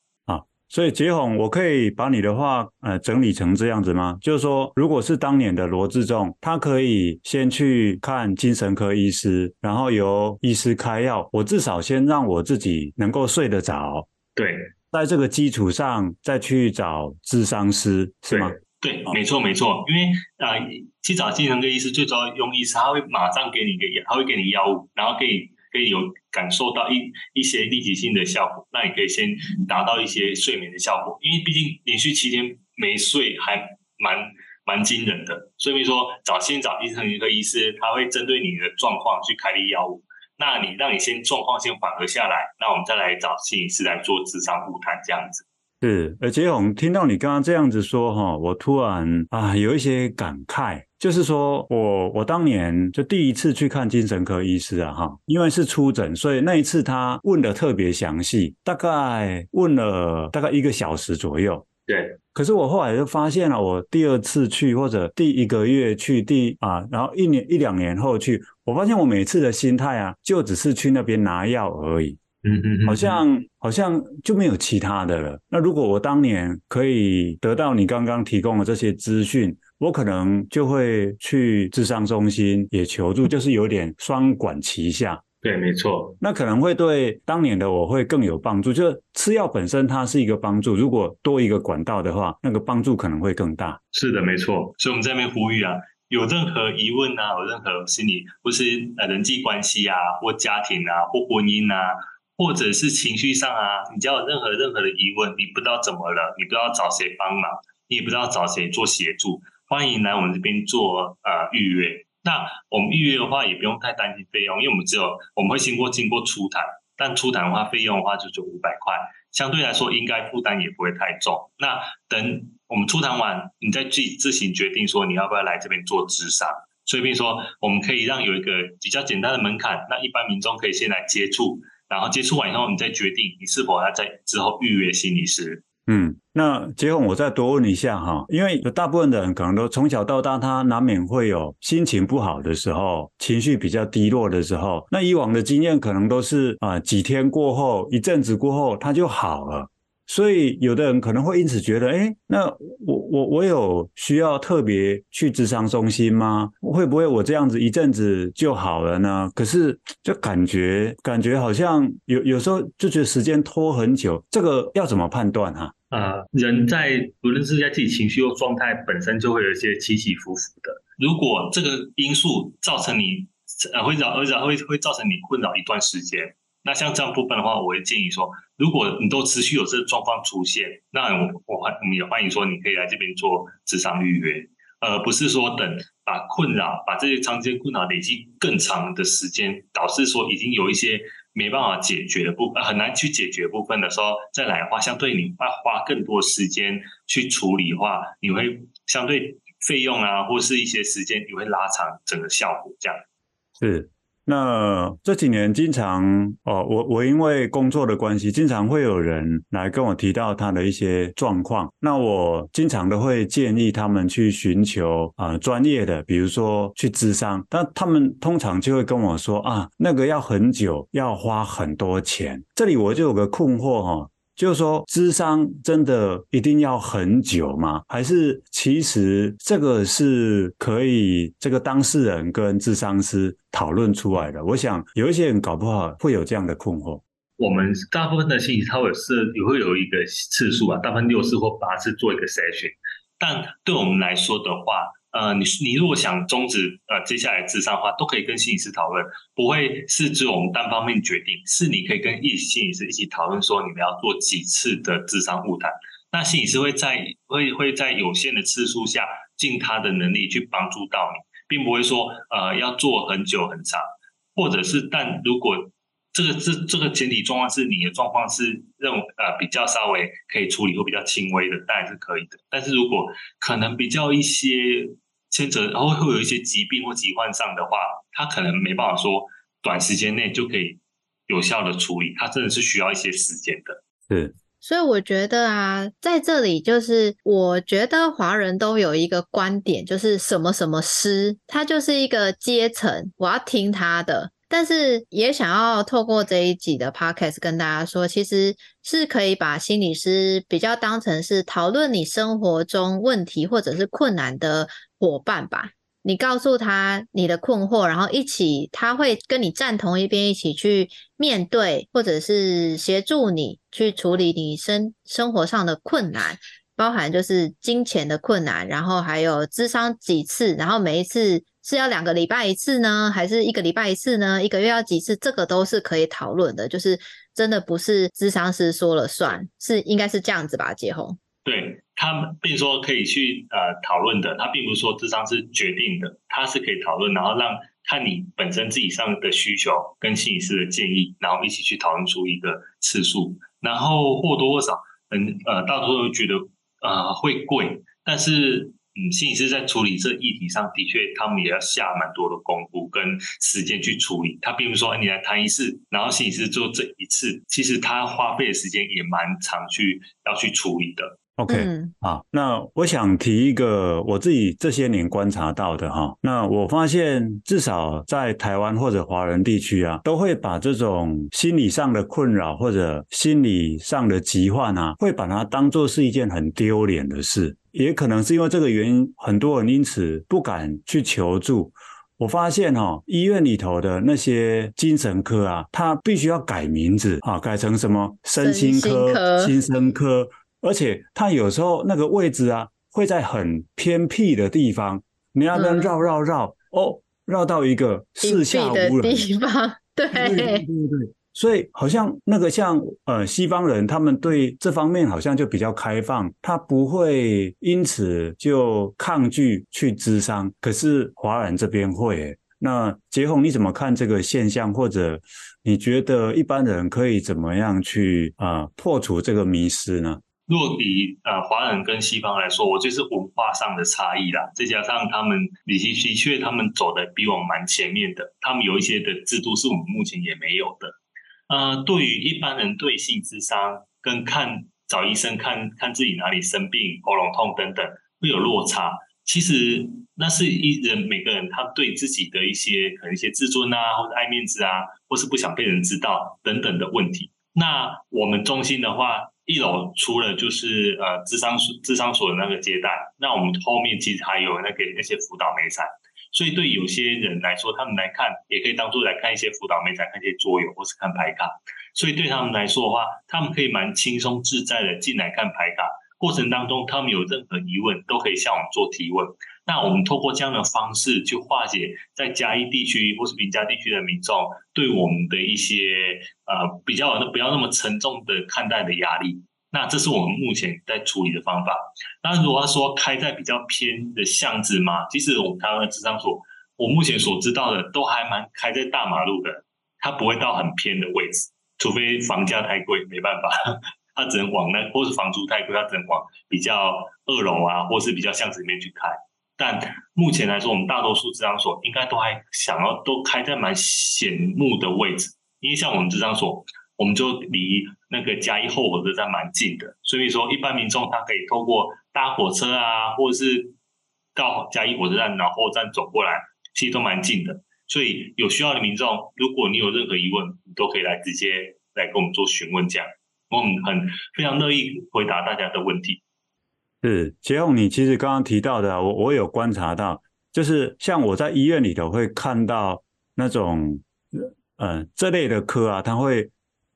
所以傑鴻，我可以把你的話呃整理成這樣子嗎？就是說，如果是當年的羅志仲，他可以先去看精神科醫師，然後由醫師開藥。我至少先讓我自己能夠睡得着。對，在這個基礎上，再去找諮商師，是嗎？對，哦、對沒錯沒錯。因為呃去找精神科醫師最主要用意是，他會馬上給你一他會給你藥物，然後給你給你有。感受到一一些立即性的效果，那你可以先達到一些睡眠的效果，因為畢竟連續七天沒睡還蠻蠻驚人的。所以說，說找先找醫生，一個醫師，他會針對你的狀況去開立藥物。那你讓你先狀況先緩和下來，那我們再來找心理師來做諮商會談這樣子。是，而且我們聽到你剛剛這樣子說哈，我突然啊有一些感慨。就是說我，我我當年就第一次去看精神科醫師啊，哈，因為是初診，所以那一次他問的特別詳細，大概問了大概一個小時左右。對，可是我後來就發現了，啊，我第二次去或者第一個月去，第啊，然後一年一兩年後去，我發現我每次的心態啊，就只是去那邊拿藥而已。嗯嗯，嗯，好像好像就沒有其他的了。那如果我當年可以得到你剛剛提供的這些資訊。我可能就會去諮商中心也求助，就是有點雙管齊下。對，沒錯。那可能會對當年的我會更有幫助。就是吃藥本身它是一個幫助，如果多一個管道，的話，那個幫助可能會更大。是的，沒錯。所以我們在那邊呼籲啊，有任何疑問啊，有任何心理或是呃人際關係啊，或家庭啊，或婚姻啊，或者是情緒上啊，你只要有任何任何的疑問，你不知道怎麼了，你不知道找誰幫忙，你也不知道找誰做協助。歡迎來我們這邊做呃預約。那我們預約的話，也不用太擔心費用，因為我們只有我們會經過經過初談，但初談的話費用的話就只有五百塊，相對來說應該負擔也不會太重。那等我們初談完，你再自己自行決定說你要不要來這邊做諮商。所以，說我們可以讓有一個比較簡單的門檻，那一般民眾可以先來接觸，然後接觸完以後，你再決定你是否要在之後預約心理師。嗯。那傑鴻，我再多問一下哈，因為有大部分的人可能都從小到大，他難免會有心情不好的時候，情緒比較低落的時候。那以往的經驗可能都是啊、呃，幾天過後，一陣子過後，他就好了。所以有的人可能會因此覺得，誒那我我我有需要特別去諮商中心嗎？會不會我這樣子一陣子就好了呢？可是就感覺感覺好像有有時候就覺得時間拖很久，這個要怎麼判斷哈、啊？呃，人在無論是在自己情緒或狀態本身，就會有一些起起伏伏的。如果這個因素造成你呃會擾，而者會會造成你困擾一段時間，那像這樣部分的話，我會建議說，如果你都持續有這個狀況出現，那我我歡你也歡迎說，你可以來這邊做諮商預約。呃，不是說等把困擾把這些長期困擾累積更長的時間，導致說已經有一些。沒辦法解決的部分很難去解決部分的時候再來的話，相對你要花更多時間去處理的話，你會相對費用啊或是一些時間你會拉長整個效果這樣，是。那這幾年，經常哦、呃，我我因為工作的關係，經常會有人來跟我提到他的一些狀況。那我經常都會建議他們去尋求啊、呃、專業的，比如說去諮商。那他們通常就會跟我說啊，那個要很久，要花很多錢。這裡我就有個困惑哈、哦。就是說，諮商真的一定要很久嗎？還是其實這個是可以這個當事人跟諮商師討論出來的？我想有一些人搞不好會有這樣的困惑。我們大部分的信息差試是也會有，有一個次數啊，大部分六次或八次做一個篩選。但對我們來說的話，呃，你你如果想終止呃接下來諮商的話，都可以跟心理師討論，不會是指我們單方面決定，是你可以跟一心理師一起討論說，你們要做幾次的諮商會談，那心理師會在會會在有限的次數下盡他的能力去幫助到你，並不會說呃要做很久很長，或者是但如果這個這這個前提狀況是你的狀況是認為呃比較稍微可以處理或比較輕微的，當然是可以的，但是如果可能比較一些。牽扯，然後會有一些疾病或疾患上的話，他可能沒辦法說短時間內就可以有效的處理，他真的是需要一些時間的。是，所以我覺得啊，在這裡就是我覺得華人都有一個觀點，就是什麼什麼師，他就是一個階層，我要聽他的，但是也想要透過這一集的 podcast 跟大家說，其實是可以把心理師比較當成是討論你生活中問題或者是困難的。伙伴吧，你告訴他你的困惑，然後一起，他會跟你站同一邊，一起去面對，或者是協助你去處理你生生活上的困難，包含就是金錢的困難，然後還有諮商幾次，然後每一次是要兩個禮拜一次呢，還是一個禮拜一次呢？一個月要幾次？這個都是可以討論的，就是真的不是諮商師說了算，是應該是這樣子吧？傑鴻？對。他並說可以去呃討論的，他並不是說諮商是決定的，他是可以討論，然後讓看你本身自己上的需求跟心理師的建議，然後一起去討論出一個次數，然後或多或少，嗯呃，大多數覺得呃會貴，但是嗯，心理師在處理這議題上的確，他們也要下蠻多的功夫跟時間去處理。他並不是說、哎、你來談一次，然後心理師做這一次，其實他花費的時間也蠻長去要去處理的。OK，、嗯、好，那我想提一個我自己這些年觀察到的哈，那我發現至少在台灣或者華人地區啊，都會把這種心理上的困擾或者心理上的疾患啊，會把它當做是一件很丟臉的事，也可能是因為這個原因，很多人因此不敢去求助。我發現哈、哦，醫院裡頭的那些精神科啊，他必須要改名字啊，改成什麼身心科、心身科。而且他有時候那個位置啊，會在很偏僻的地方，你要能繞繞繞哦，繞到一個四下無人偏僻的地方，對對對，對，對。所以好像那個像呃西方人，他們對這方面好像就比較開放，他不會因此就抗拒去諮商。可是華人這邊會、欸，那傑鴻你怎麼看這個現象？或者你覺得一般人可以怎麼樣去啊、呃、破除這個迷思呢？若比呃華人跟西方來說，我覺得是文化上的差異啦。再加上他們，其實的確他們走的比我們蠻前面的。他們有一些的制度是我們目前也沒有的。呃，對於一般人對性諮商跟看找醫生看看自己哪裡生病、喉嚨痛等等會有落差。其實那是一人每個人他對自己的一些可能一些自尊啊，或者愛面子啊，或是不想被人知道等等的問題。那我們中心的話。一樓除了就是呃、諮商所，諮商所的那個階段，那我們後面其實還有那個那些輔導媒材，所以對有些人來說，他們來看也可以當做來看一些輔導媒材，看一些桌遊或是看牌卡，所以對他們來說的話，他們可以蠻輕鬆自在的進來看牌卡，過程當中他們有任何疑問都可以向我們做提問。那我們透過這樣的方式去化解，在嘉義地區或是民家地區的民眾對我們的一些呃比較不要那麼沉重的看待的壓力。那這是我們目前在處理的方法。那如果說開在比較偏的巷子嗎？其實我們台灣的諮商所，我目前所知道的都還蠻開在大馬路的，它不會到很偏的位置，除非房價太貴，沒辦法，呵呵，它只能往那或是房租太貴，它只能往比較二樓啊，或是比較巷子裡面去開。但目前來說，我們大多數諮商所，應該都還想要都開在蠻醒目的位置，因為像我們諮商所，我們就離那個嘉義後火車站蠻近的，所以說一般民眾他可以透過搭火車啊，或者是到嘉義火車站然後，後站走過來，其實都蠻近的。所以有需要的民眾，如果你有任何疑問，都可以來直接來跟我們做詢問，這樣我們很非常樂意回答大家的問題。是杰宏，你其實剛剛提到的，啊，我我有觀察到，就是像我在醫院裡頭會看到那種，嗯，呃，這類的科啊，它會，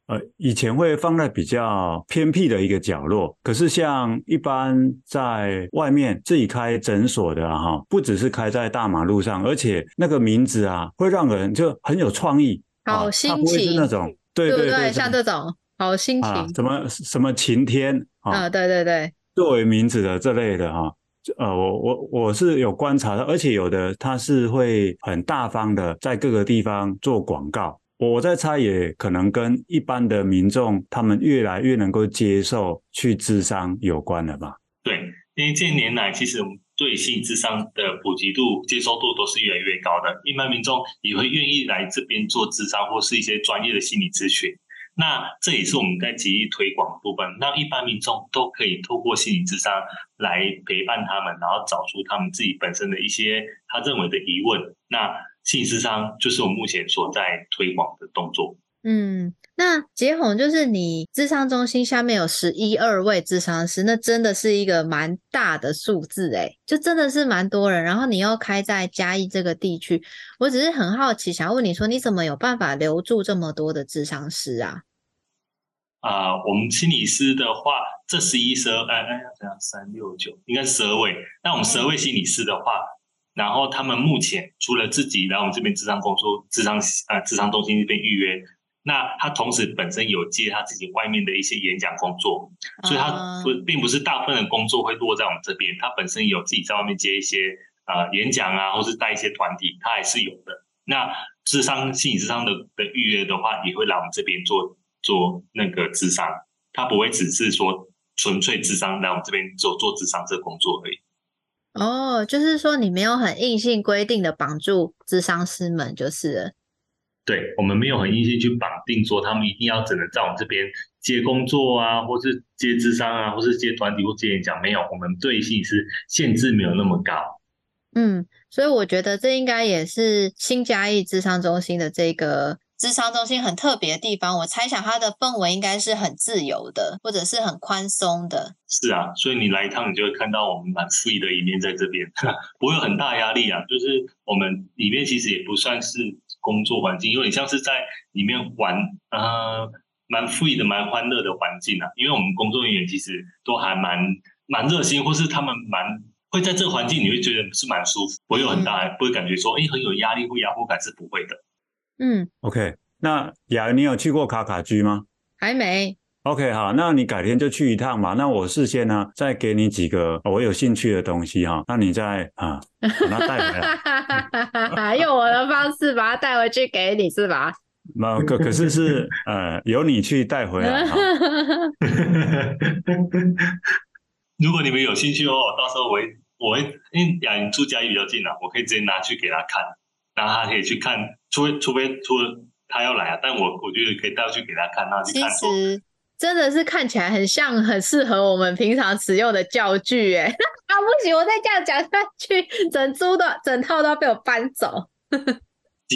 呃，以前會放在比較偏僻的一個角落，可是像一般在外面自己開診所的哈，啊，不只是開在大馬路上，而且那個名字啊，會讓人就很有創意，好心情，啊，那種，對對對，對，像這種，這種好心情，什，啊，麼什麼晴天啊，啊，對對對。作為名字的這類的哈，呃，我我我是有觀察的，而且有的他是會很大方的在各個地方做廣告。我在猜也可能跟一般的民眾他們越來越能夠接受去諮商有關了吧？對，因為近年來其實我們對性諮商的普及度，接受度都是越來越高的，一般民眾也會願意來這邊做諮商或是一些專業的心理諮詢。那這也是我們在極力推廣的部分。那一般民眾都可以透過心理諮商來陪伴他們，然後找出他們自己本身的一些他認為的疑問。那心理諮商就是我們目前所在推廣的動作。嗯，那傑鴻就是你諮商中心下面有十一二位諮商師，那真的是一個蠻大的數字誒、欸、就真的是蠻多人。然後你又開在嘉義這個地區，我只是很好奇，想要問你說你怎麼有辦法留住這麼多的諮商師啊？啊、呃，我們心理師的話，這十、哎、一十二哎哎，怎樣三六九應該是十二位。那我們十二位心理師的話、嗯，然後他們目前除了自己來我們這邊諮商工作，諮商啊、呃、諮商中心這邊預約，那他同時本身有接他自己外面的一些演講工作，嗯、所以他不並不是大部分的工作會落在我們這邊，他本身有自己在外面接一些啊、呃、演講啊，或是帶一些團體，他還是有的。那諮商心理諮商的的預約的話，也會來我們這邊做。做那個諮商，他不會只是說純粹諮商來我們這邊做做諮商這個工作而已。哦，就是說你沒有很硬性規定的綁住諮商師們，就是。對，我們沒有很硬性去綁定說他們一定要只能在我們這邊接工作啊，或是接諮商啊，或是接團體或接團體或接演講，沒有，我們對性是限制沒有那麼高。嗯，所以我覺得這應該也是心家藝諮商中心的這個。諮商中心很特別的地方，我猜想它的氛圍應該是很自由的，或者是很寬鬆的。是啊，所以你來一趟，你就會看到我們蠻 free 的一面，在這邊哈，不會有很大壓力啊。就是我們裡面其實也不算是工作環境，有點像是在裡面玩，呃，蠻 free 的、蠻歡樂的環境啊。因為我們工作人員其實都還蠻蠻熱心，或是他們蠻會在這個環境，你會覺得是蠻舒服，不會有很大，不會感覺說哎、欸、很有壓力或壓迫感，是不會的。嗯，OK，那雅雲，你有去過卡卡居嗎？還沒。OK，好，那你改天就去一趟嘛。那我事先呢，再給你幾個我有興趣的東西哈。那你再啊，把它帶回來， 用我的方式把它帶回去給你是吧？那 可可是是，呃，由你去帶回來哈。 如果你們有興趣哦，我到時候我會我會，因為雅雲住嘉義比較近啊，我可以直接拿去給他看。那他可以去看，除非除非他要來啊，但我我覺得可以帶去給他看，讓他去看。其實真的是看起來很像，很適合我們平常使用的教具。哎、 啊，啊不行，我再這樣講下去，整組的整套都要被我搬走。 的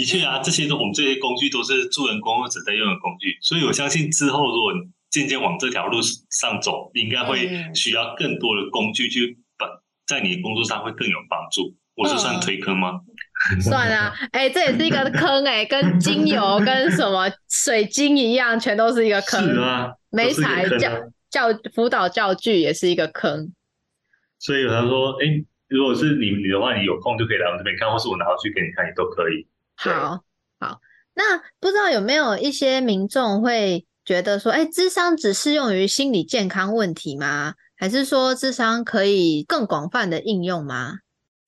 確啊，這些都我們這些工具都是助人工或者在用的工具，所以我相信之後如果你漸漸往這條路上走，應該會需要更多的工具去把在你的工作上會更有幫助。我這算推坑嗎？嗯嗯 算了，啊、哎、欸，這也是一個坑哎、欸， 跟精油、跟什麼水晶一樣， 全都是一個坑。是啊、是個坑，沒才教教輔導教具也是一個坑。所以他說，哎、欸，如果是你你的話，你有空就可以來我們這邊看，或是我拿過去給你看也都可以。好好，那不知道有沒有一些民眾會覺得說，哎、欸，諮商只適用於心理健康問題嗎？還是說諮商可以更廣泛的應用嗎？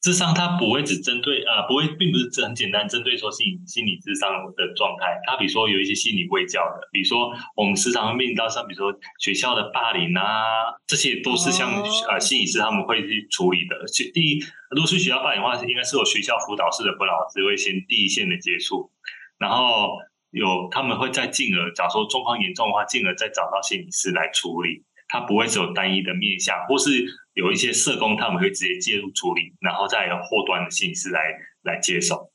諮商它不會只針對，呃、啊，不會，並不是很簡單，針對說心理心理諮商的狀態。它、啊、比如說有一些心理衛教的，比如說我們時常會面臨到像，比如說學校的霸凌啊，這些都是像、oh. 呃心理師他們會去處理的。第一，如果是學校霸凌的話，應該是有學校輔導室的輔導老師會先第一線的接觸，然後有他們會再進而，假如說狀況嚴重的話，進而再找到心理師來處理。他不會只有單一的面向，或是有一些社工，他們會直接介入處理，然後再由後端的形式來來接手。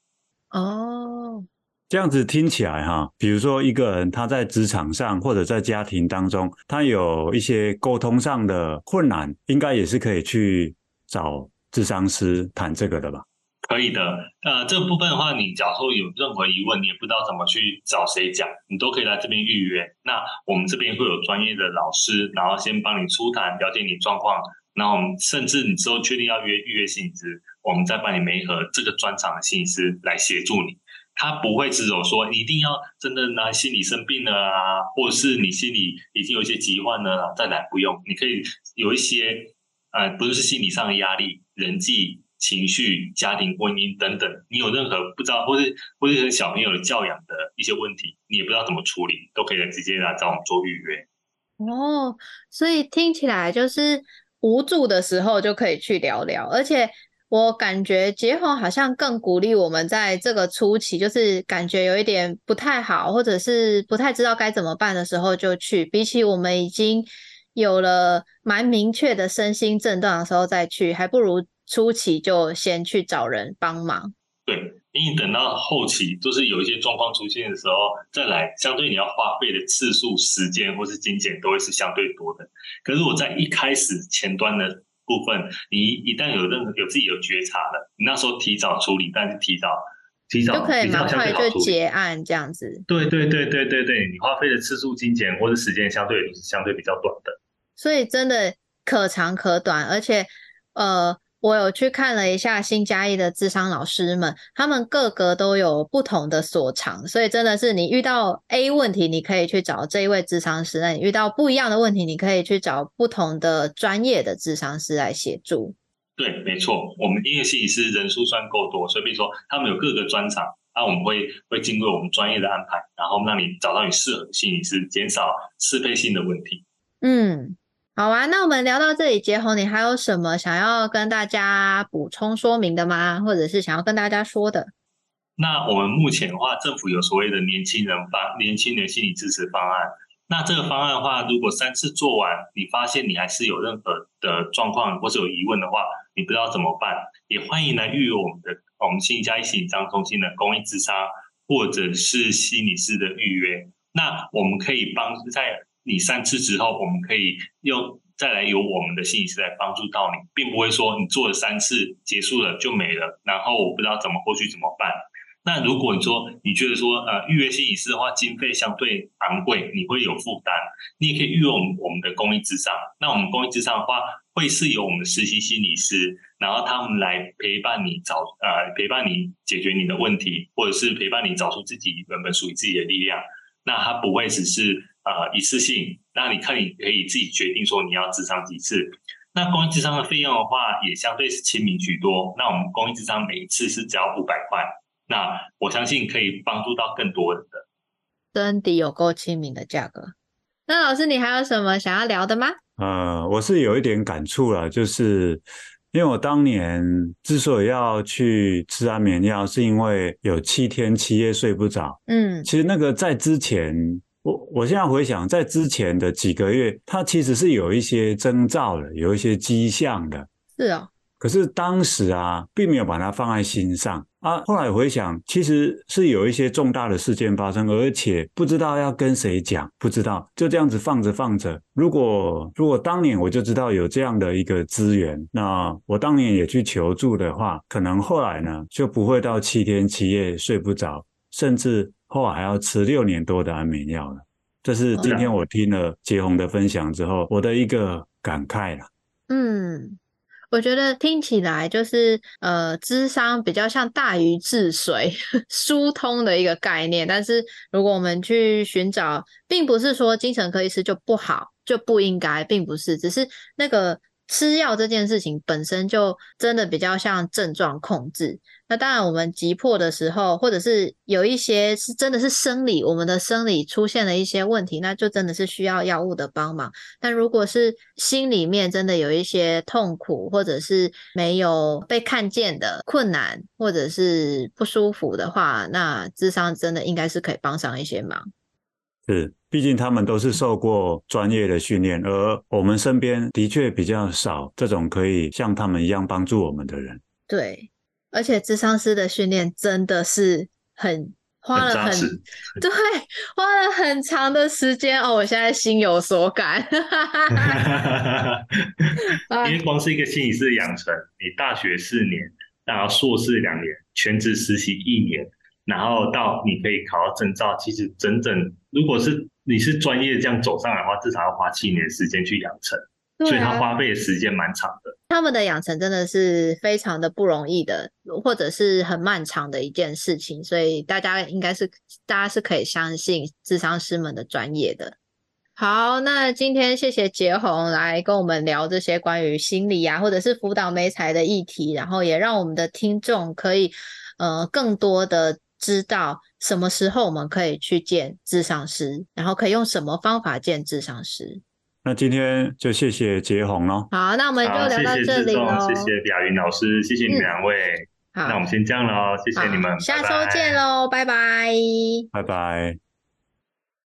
哦、oh.，這樣子聽起來哈，比如說一個人他在職場上或者在家庭當中，他有一些溝通上的困難，應該也是可以去找諮商師談這個的吧？可以的，那、呃、這個、部分的話，你假如有任何疑問，你也不知道怎麼去找誰講，你都可以來這邊預約。那我們這邊會有專業的老師，然後先幫你初談，了解你狀況。那我們甚至你之後確定要約預約心理師，我們再幫你媒合這個專場的心理師來協助你。他不會只說，說你一定要真的拿心理生病了啊，或者是你心裡已經有一些疾患了再來，不用，你可以有一些呃，不是心理上的壓力，人際。情緒、家庭、婚姻等等，你有任何不知道，或是或是小朋友教養的一些問題，你也不知道怎麼處理，都可以直接來找我們做預約。哦，所以聽起來就是無助的時候就可以去聊聊，而且我感覺結婚好像更鼓勵我們在這個初期，就是感覺有一點不太好，或者是不太知道該怎麼辦的時候就去，比起我們已經有了蠻明確的身心症狀的時候再去，還不如。初期就先去找人幫忙，對，因為等到後期，就是有一些狀況出現的時候再來，相對你要花費的次數、時間或是金錢都會是相對多的。可是我在一開始前端的部分，你一旦有任何有自己有覺察了，你那時候提早處理，但是提早提早，就可以蠻快就結案這樣子。對對對對對對，你花費的次數、金錢或是時間相對也是相對比較短的。所以真的可長可短，而且呃。我有去看了一下心家藝的諮商老師們，他們各個都有不同的所長，所以真的是你遇到 A 問題，你可以去找這一位諮商師；那你遇到不一樣的問題，你可以去找不同的專業的諮商師來協助。對，沒錯，我們因為心理師人數算夠多，所以比如說他們有各個專長，那、啊、我們會會經過我們專業的安排，然後讓你找到你適合的心理師，減少適配性的問題。嗯。好啊，那我們聊到這裡，傑鴻，你還有什麼想要跟大家補充說明的嗎？或者是想要跟大家說的？那我們目前的話，政府有所謂的年輕人方、年輕人心理支持方案。那這個方案的話，如果三次做完，你發現你還是有任何的狀況或者有疑問的話，你不知道怎麼辦，也歡迎來預約我們的我們心家藝諮商中心的公益諮商或者是心理師的預約。那我們可以幫在，你三次之後，我們可以用再來由我們的心理師來幫助到你，並不會說你做了三次結束了就沒了，然後我不知道怎麼過去怎麼辦。那如果你說你覺得說呃預約心理師的話，經費相對昂貴，你會有負擔，你也可以預約我們我們的公益諮商。那我們公益諮商的話，會是由我們的實習心理師，然後他們來陪伴你找呃陪伴你解決你的問題，或者是陪伴你找出自己原本屬於自己的力量。那他不會只是。呃，一次性，那你看，你可以自己決定說你要諮商幾次。那公益諮商的費用的話，也相對是親民許多。那我們公益諮商每一次是只要五百塊，那我相信可以幫助到更多人的。真的有夠親民的價格。那老師，你還有什麼想要聊的嗎？呃，我是有一點感觸了，就是因為我當年之所以要去吃安眠藥，是因為有七天七夜睡不着。嗯，其實那個在之前。我現在回想，在之前的幾個月，它其實是有一些徵兆的，有一些跡象的。是啊，可是當時啊，並沒有把它放在心上啊。後來回想，其實是有一些重大的事件發生，而且不知道要跟誰講，不知道就這樣子放着放着。如果，如果當年我就知道有這樣的一個資源，那我當年也去求助的話，可能後來呢就不會到七天七夜睡不着，甚至，後還要吃六年多的安眠藥呢，這是今天我聽了傑鴻的分享之後，okay. 我的一個感慨了。嗯，我覺得聽起來就是呃，諮商比較像大禹治水 疏通的一個概念，但是如果我們去尋找，並不是說精神科醫師就不好，就不應該，並不是，只是那個吃藥這件事情本身就真的比較像症狀控制。那當然，我們急迫的時候，或者是有一些是真的是生理，我們的生理出現了一些問題，那就真的是需要藥物的幫忙。但如果是心裡面真的有一些痛苦，或者是沒有被看見的困難，或者是不舒服的話，那諮商真的應該是可以幫上一些忙。是，畢竟他們都是受過專業的訓練，而我們身邊的確比較少這種可以像他們一樣幫助我們的人。對。而且諮商師的訓練真的是很花了很，很對花了很長的時間哦，我現在心有所感， 因為光是一個心理師的養成，你大學四年，然後碩士兩年，全職實習一年，然後到你可以考到證照，其實整整如果是你是專業這樣走上來的話，至少要花七年時間去養成，所以它花費的時間蠻長的。他們的養成真的是非常的不容易的，或者是很漫長的一件事情，所以大家應該是，大家是可以相信諮商師們的專業的。好，那今天謝謝傑鴻來跟我們聊這些關於心理啊，或者是輔導媒材的議題，然後也讓我們的聽眾可以，呃，更多的知道什麼時候我們可以去見諮商師，然後可以用什麼方法見諮商師。那今天就謝謝傑鴻嘍。好，那我們就聊到這裡好。謝謝志仲，謝謝芸老師，謝謝你們兩位、嗯。好，那我們先這樣嘍，謝謝你們，拜拜，下周見嘍，拜拜，拜拜。拜拜。